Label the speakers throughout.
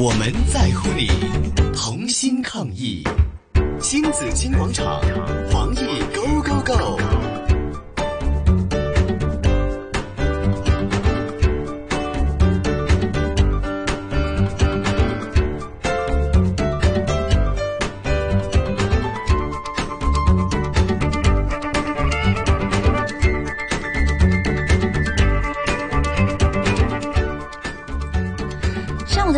Speaker 1: 我們在乎你，同心抗疫，親子金廣場，防疫 go go go。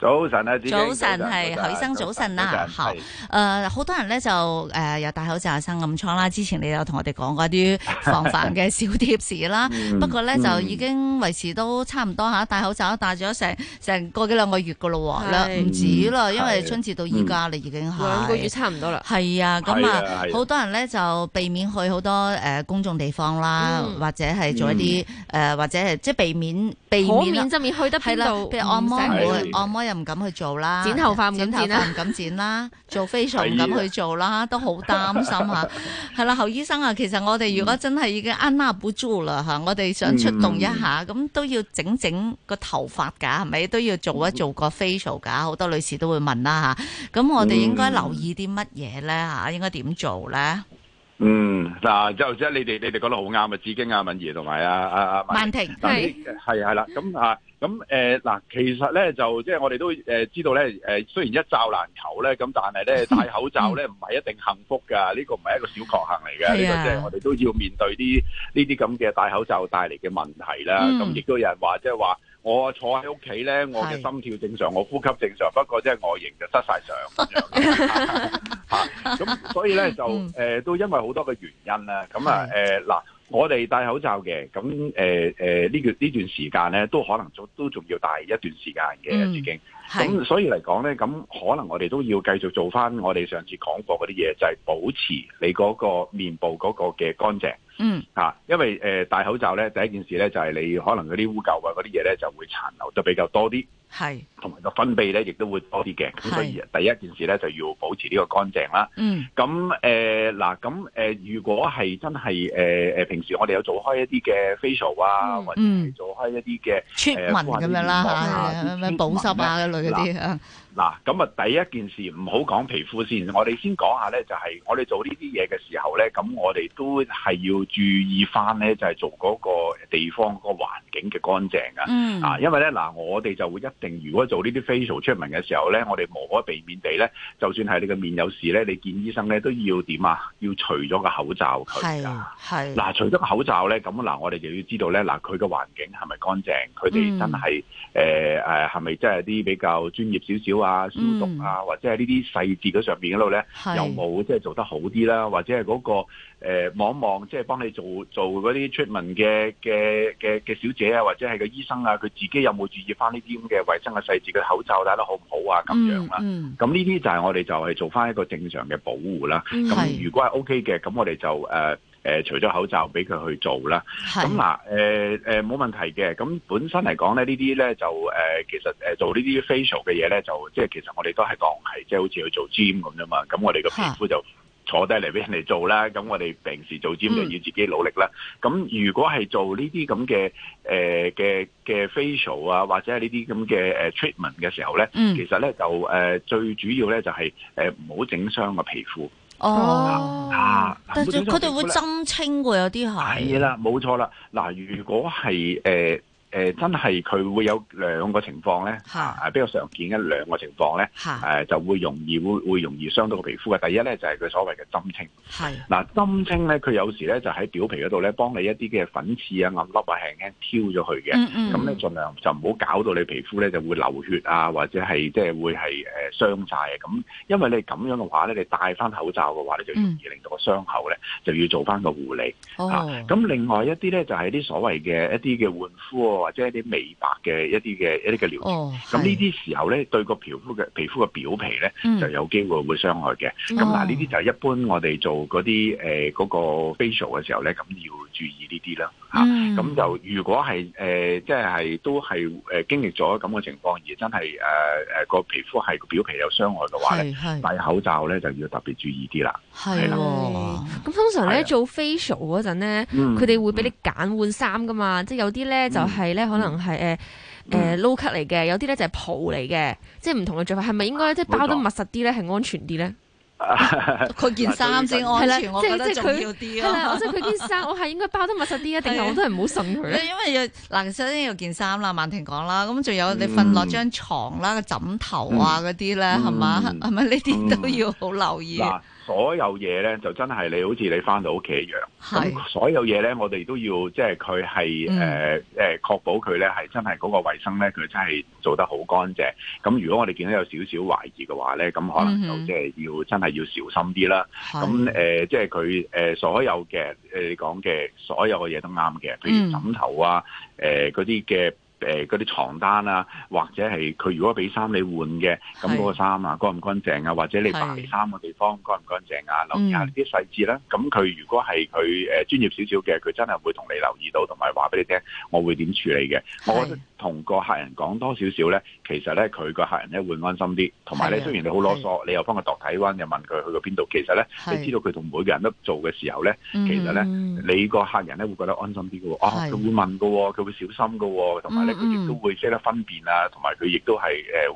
Speaker 2: 早晨啊，早晨係侯生，早晨啦，何。
Speaker 1: 好、呃、多人咧就誒又、呃、戴口罩生暗瘡啦。之前你有同我哋講過啲防範嘅小貼士啦。 不過咧、嗯、就已經維持都差唔多吓戴口罩戴咗成成個幾兩個月嘅咯喎，兩唔止啦，因為春節到依家啦已經係兩個月差唔多啦。係啊，咁啊，好、啊啊啊啊、多人咧就避免去好多誒、呃、公眾地方啦、嗯，或者係做一啲誒、嗯呃、或者係即係避免避免。可免，則免，避免、啊、去得係啦，譬、啊、如按摩，會按摩。又唔敢去做啦，剪頭髮唔敢剪啦，剪剪 做 facial 唔敢去做啦， 都好擔心吓。係 啦、啊，侯醫生啊，其實我哋如果真係已經安娜不租啦吓， 我哋想出動一下，咁都要整整個頭髮噶，係咪都要做一做個 facial 噶？好多女士都會問啦吓，咁我哋應該留意啲乜嘢咧？吓，應該點做咧？
Speaker 2: 嗯，嗱，就即係你哋，你哋講得好啱啊！子京啊，敏儀同埋啊，啊，萬婷係，係啦，咁啊，咁誒，嗱、呃，其實咧就即係、就是、我哋都誒知道咧，誒，雖然一罩難求咧，咁但係咧戴口罩咧唔係一定幸福噶，呢、這個唔係一個小確幸嚟嘅，呢、這個即係我哋都要面對啲呢啲咁嘅戴口罩帶嚟嘅問題啦。咁亦都有人話，即係話。我坐喺屋企咧，我嘅心跳正常，我呼吸正常，不過即係外形就失晒相。咁樣、 啊、所以咧就誒、嗯、都因為好多嘅原因、啊、啦。咁啊嗱，我哋戴口罩嘅，咁誒呢段呢段時間咧都可能都都仲要戴一段時間嘅，已經。咁、嗯、所以嚟講咧，咁可能我哋都要繼續做翻我哋上次講過嗰啲嘢，就係、是、保持你嗰個面部嗰個嘅乾淨。嗯，吓、啊，因為誒、呃、戴口罩咧，第一件事咧就係、是、你可能嗰啲污垢啊嗰啲嘢咧就會殘留得比較多啲。係，同埋個分泌咧，亦都會多啲嘅。咁所以第一件事咧，就要保持呢個乾淨啦。嗯，咁誒嗱，咁，呃，誒、呃，如果係真係誒誒，平時我哋有做開一啲嘅 facial 啊，或者做開一啲嘅誒，咁樣啦吓，
Speaker 1: 呃，保濕啊嗰類啲
Speaker 2: 啊。嗱，咁啊，啊第一件事唔好講皮膚先，啊，我哋先講下咧，就係我哋做呢啲嘢嘅時候咧，咁我哋都係要注意翻咧，就係做嗰個地方嗰個環。嘅乾淨啊，因為咧嗱，我哋就會一定，如果做呢啲 facial 出門嘅時候咧，我哋無可避免地咧，就算係你個面有事咧，你見醫生咧都要點啊？要除咗個口罩佢啊，
Speaker 1: 係嗱，除咗個口
Speaker 2: 罩咧，咁嗱，我哋就要知道咧，嗱，佢個環境係咪乾淨？佢哋真係誒誒，係咪真係啲比較專業少少啊？消毒啊，或者係呢啲細節上面嗰度咧，有冇即係做得好啲啦？或者係、那、嗰個誒望、呃、一望，即係幫你做做嗰啲出門嘅嘅嘅嘅小姐。或者係個醫生啊，佢自己有冇注意翻呢啲咁嘅衛生嘅細節嘅口罩戴得好唔好啊？咁樣啦，咁呢啲就係我哋就係做翻一個正常嘅保護啦。咁、嗯、如果係 OK 嘅，咁我哋就誒誒、呃、除咗口罩俾佢去做啦。咁嗱，誒誒冇問題嘅。咁本身嚟講咧，呢啲呢啲咧就誒、呃，其實誒、呃、做呢啲嘅嘢、呢啲 facial 嘅嘢咧，就即係其實我哋都係當係即係好似去做 gym 咁啫嘛。咁我哋個皮膚就坐低嚟俾人哋做啦，咁我哋平時做尖就要自己努力啦。咁、嗯、如果係做呢啲咁嘅誒嘅嘅 facial 啊，或者係呢啲咁嘅 treatment 嘅時候咧、嗯，其實咧就誒、呃、最主要咧就係誒唔好整傷個皮膚。
Speaker 1: 哦，啊、但係佢哋會針清喎，有啲係。係啦，
Speaker 2: 冇錯啦。嗱、呃，如果係誒。呃誒、呃、真係佢會有兩個情況咧、啊，比較常見一兩個情況咧、啊，就會容易會，會容易傷到個皮膚嘅。第一咧就係、係、佢所謂嘅針清，係嗱、啊、針清咧佢有時咧就喺表皮嗰度咧幫你一啲嘅粉刺啊、暗粒啊輕輕挑咗去嘅，咁、嗯、咧、嗯、盡量就唔好搞到你皮膚咧就會流血啊，或者係即係會係誒傷曬咁。因為你咁樣嘅話咧，你戴翻口罩嘅話呢，你就容易令到個傷口咧、嗯、就要做翻個護理。哦，咁、啊、另外一啲咧就係、係、啲所謂嘅一啲嘅換膚。或者一啲美白嘅一啲嘅一啲嘅療程，咁呢啲時候咧，對個皮膚嘅皮膚嘅表皮咧、嗯，就有機會會傷害嘅。咁、哦、嗱，呢啲就係一般我哋做嗰啲誒嗰個 facial 嘅時候咧，咁要注意呢啲啦。吓、嗯、咁、啊、就如果係誒、呃、即係都係誒經歷咗咁嘅情況而真係誒誒個皮膚係個表皮有傷害嘅話咧，戴口罩咧就要特別注意啲啦。係、哦、啦，
Speaker 1: 咁通常咧、啊、做 facial 嗰陣咧，佢、嗯、哋會俾你揀換衫噶嘛，嗯、即係有啲咧、嗯、就係、是。咧可能係誒誒撈咳嚟嘅，有啲咧就係抱嚟嘅，即係唔同嘅做法，係咪應該即係包得密實啲咧，係安全啲咧？佢、啊啊、件衫先安全， 我覺得 重要啲咯、啊。係得佢件衫，我係應該包得密實啲啊，定係我都係唔好信佢。因為要嗱，其實有件衫啦，曼婷講啦，咁仲有你瞓落張床啦，個枕頭啊嗰啲咧，係、嗯、嘛？係咪呢啲、嗯嗯、都要好留意、嗯？
Speaker 2: 所有嘢咧就真係你好似你返到屋企一樣，咁所有嘢咧我哋都要即係佢，係誒誒確保佢咧係真係嗰個衛生咧，佢真係做得好乾淨。咁如果我哋見到有少少懷疑嘅話咧，咁可能就即係要、嗯、真係要小心啲啦。咁、呃、即係佢、呃、所有嘅你、呃、講嘅所有嘅嘢都啱嘅，譬如枕頭啊誒嗰啲嘅。嗯呃誒，嗰啲床單啊，或者係佢如果俾衫你換嘅，咁嗰、嗰個衫啊，乾唔乾淨啊？或者你擺衫嘅地方乾唔乾淨啊？留意下呢啲細節啦。咁、嗯、佢如果係佢誒專業少少嘅，佢真係會同你留意到，同埋話俾你聽我會點處理嘅。我覺得同個客人講多少少咧。其實咧，佢個客人咧會安心啲，同埋咧雖然你好囉嗦、啊，你又幫佢度體温、啊，又問佢去過邊度。其實咧、啊，你知道佢同每個人都做嘅時候咧、嗯，其實咧你個客人咧會覺得安心啲嘅喎。佢、啊啊、會問嘅喎，佢、啊、會小心嘅喎，同埋咧佢亦都會識得分辨啊，同埋佢亦都係誒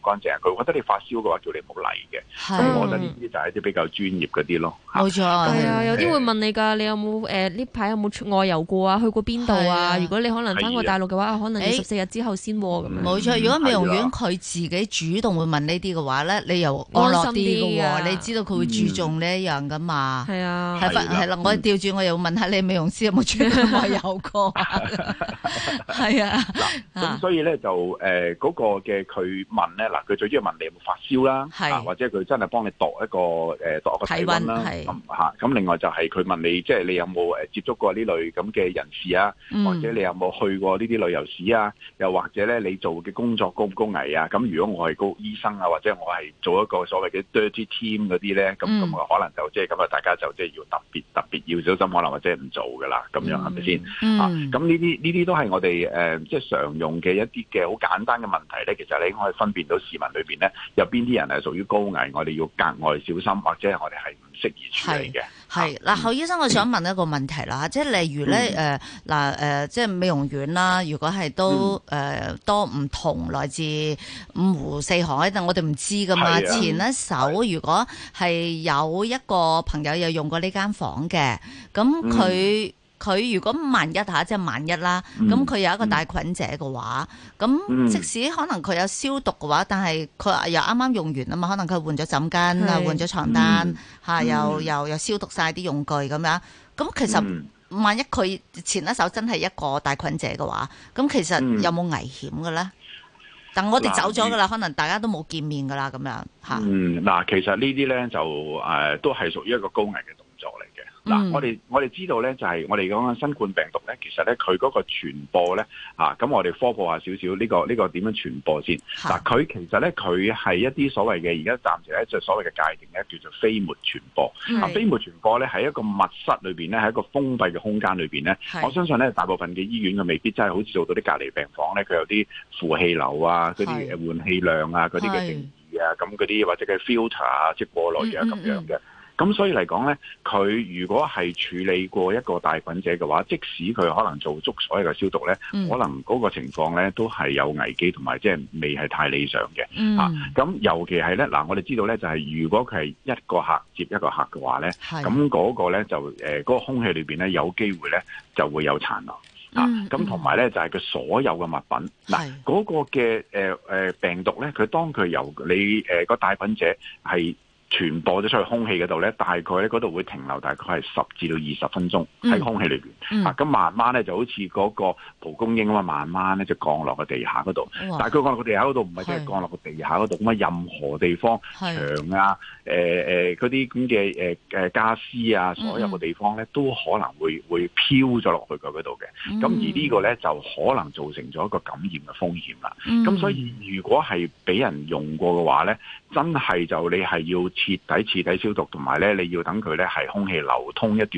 Speaker 2: 乾淨。佢覺得你發燒嘅話，叫你唔好嚟嘅。
Speaker 1: 咁、啊、我覺得呢
Speaker 2: 啲就係一啲比較專業嗰啲咯。冇錯、
Speaker 1: 啊，係啊，、嗯、啊，有啲會問你㗎，你有冇誒呢排有冇出外遊過啊？去過邊度啊，啊？如果你可能返過大陸嘅話、啊，可能十四日之後先喎咁樣。冇、欸嗯、錯，如果美容院。佢自己主動會問呢啲嘅話咧，你又感覺感覺一點安樂啲嘅喎，你知道佢會注重呢一樣嘅嘛？係、嗯、啊，係啦、嗯，我調轉我又問下你美容師有冇專登話有過？係 啊， 咁
Speaker 2: 所以咧就誒嗰、呃那個嘅佢問咧嗱，佢最主要問你有冇發燒啦，或者佢真係幫你度一個誒度個體温啦，咁咁、啊、另外就係佢問你即係你有冇誒接觸過呢類咁嘅人士啊、嗯，或者你有冇去過呢啲旅遊史啊，又或者咧你做嘅工作高唔高危？係啊，咁如果我係高醫生啊，或者我係做一個所謂嘅 dirty team 嗰啲咧，咁、嗯、咁可能就即係咁啊，大家就即係要特別特別要小心，可能或者唔做㗎喇，咁樣係咪先？啊、嗯，咁呢啲呢啲都係我哋誒，即、呃、係、就是、常用嘅一啲嘅好簡單嘅問題咧，其實你可以分辨到市民裏邊咧有邊啲人係屬於高危，我哋要格外小心，或者我哋係唔適宜處理嘅。
Speaker 1: 係嗱，侯醫生，我想問一個問題啦，即係例如咧誒嗱即係美容院啦，如果係都誒多唔同來自五湖四海，但我哋唔知噶嘛、啊。前一手如果係有一個朋友有用過呢間房嘅，咁佢。嗯佢如果萬一吓即係萬一啦，咁佢有一個帶菌者嘅話，咁、嗯、即使可能佢有消毒嘅話，嗯、但係佢又啱啱用完啊嘛，可能佢換咗枕巾啊，換咗床單嚇、嗯，又、嗯、又又，又消毒晒啲用具咁樣，咁其實萬一佢前一手真係一個帶菌者嘅話，咁其實有冇危險嘅咧？等我哋走咗噶啦，可能大家都冇見面噶啦，咁樣嚇。嗱、
Speaker 2: 嗯，其實這些呢啲咧就誒、呃、都係屬於一個高危嘅動作嚟嘅。嗱、嗯，我哋我哋知道咧，就係、是、我哋講緊新冠病毒咧，其實咧佢嗰個傳播咧，啊咁我哋科普一下少少呢個呢、呢個點樣傳播先。嗱，佢其實咧佢係一啲所謂嘅而家暫時咧就所謂嘅界定咧叫做飛沫傳播。啊，飛沫傳播咧係一個密室裏邊咧，係一個封閉嘅空間裏邊咧。我相信咧大部分嘅醫院佢未必真係好似做到啲隔離病房咧，佢有啲負氣流啊，嗰啲誒換氣量啊，嗰啲嘅定義啊，咁嗰啲或者嘅 filter 啊，即、就係、過濾器咁樣嘅。嗯嗯嗯咁所以嚟講咧，佢如果係處理過一個帶菌者嘅話，即使佢可能做足所有嘅消毒咧、嗯，可能嗰個情況咧都係有危機，同埋即係未係太理想嘅、嗯。啊，咁尤其係咧嗱，我哋知道咧就係、是、如果佢係一個客接一個客嘅話咧，咁嗰、啊、個咧就誒嗰個空氣裏邊咧有機會咧就會有殘留啊。咁同埋咧就係、是、佢所有嘅物品嗱嗰、那個嘅誒誒病毒咧，佢當佢由你誒個、呃、帶菌者係。傳播咗出去空氣嗰度咧，大概咧嗰度會停留大概係十至到二十分鐘喺、嗯、空氣裏面、嗯。啊，咁慢慢咧就好似嗰個蒲公英咁啊，慢慢咧就降落個地下嗰度，但佢降落個地下嗰度唔係淨係降落個地下嗰度，咁啊任何地方牆啊、誒誒嗰啲咁嘅誒誒傢俬啊，所有嘅地方咧、嗯、都可能會會飄咗落去佢嗰度嘅。咁、嗯、而呢個咧就可能造成咗一個感染嘅風險啦。咁、嗯、所以如果係俾人用過嘅話咧，真係就你係要。徹底徹底消毒，同埋咧，你要等佢咧係空氣流通一段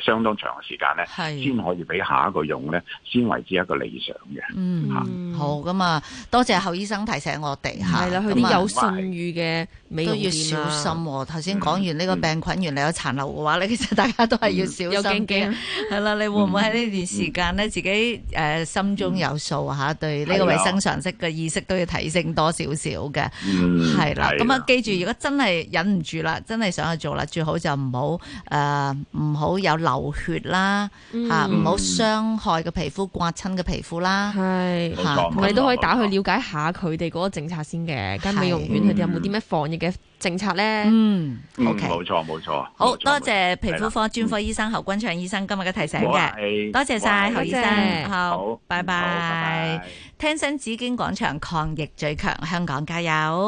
Speaker 2: 誒相當長嘅時間咧，先可以俾下一個用咧，先為之一個理想嘅、嗯。嗯，
Speaker 1: 好噶嘛，多謝侯醫生提醒我哋嚇。係啦，佢啲有信譽嘅美容、嗯、都要小心、啊。頭先講完呢個病菌、嗯、原來有殘留嘅話咧，其實大家都係要小心、嗯。有驚驚。係、嗯、啦，你會唔會喺呢段時間咧、嗯、自己、呃、心中有數下，對呢個衛生常識嘅意識都、嗯、要提升多少少嘅。嗯，係啦。咁啊，記、嗯、住，如果真係有。嗯忍唔住啦，真係想去做啦，最好就唔好誒，唔、呃、好有流血啦，吓唔好傷害個皮膚、刮親嘅皮膚啦。係、嗯嗯，你都可以打去了解一下佢哋嗰個政策先嘅，咁美容院佢哋有冇啲咩防疫嘅政策咧？嗯，冇
Speaker 2: 錯冇錯，好多謝、謝皮膚科專
Speaker 1: 科醫生侯鈞翔醫生今日嘅提醒嘅、欸，多謝晒侯醫生好，拜拜，好好拜拜，好，拜拜，聽新紫荊廣場抗疫最強，香港加油。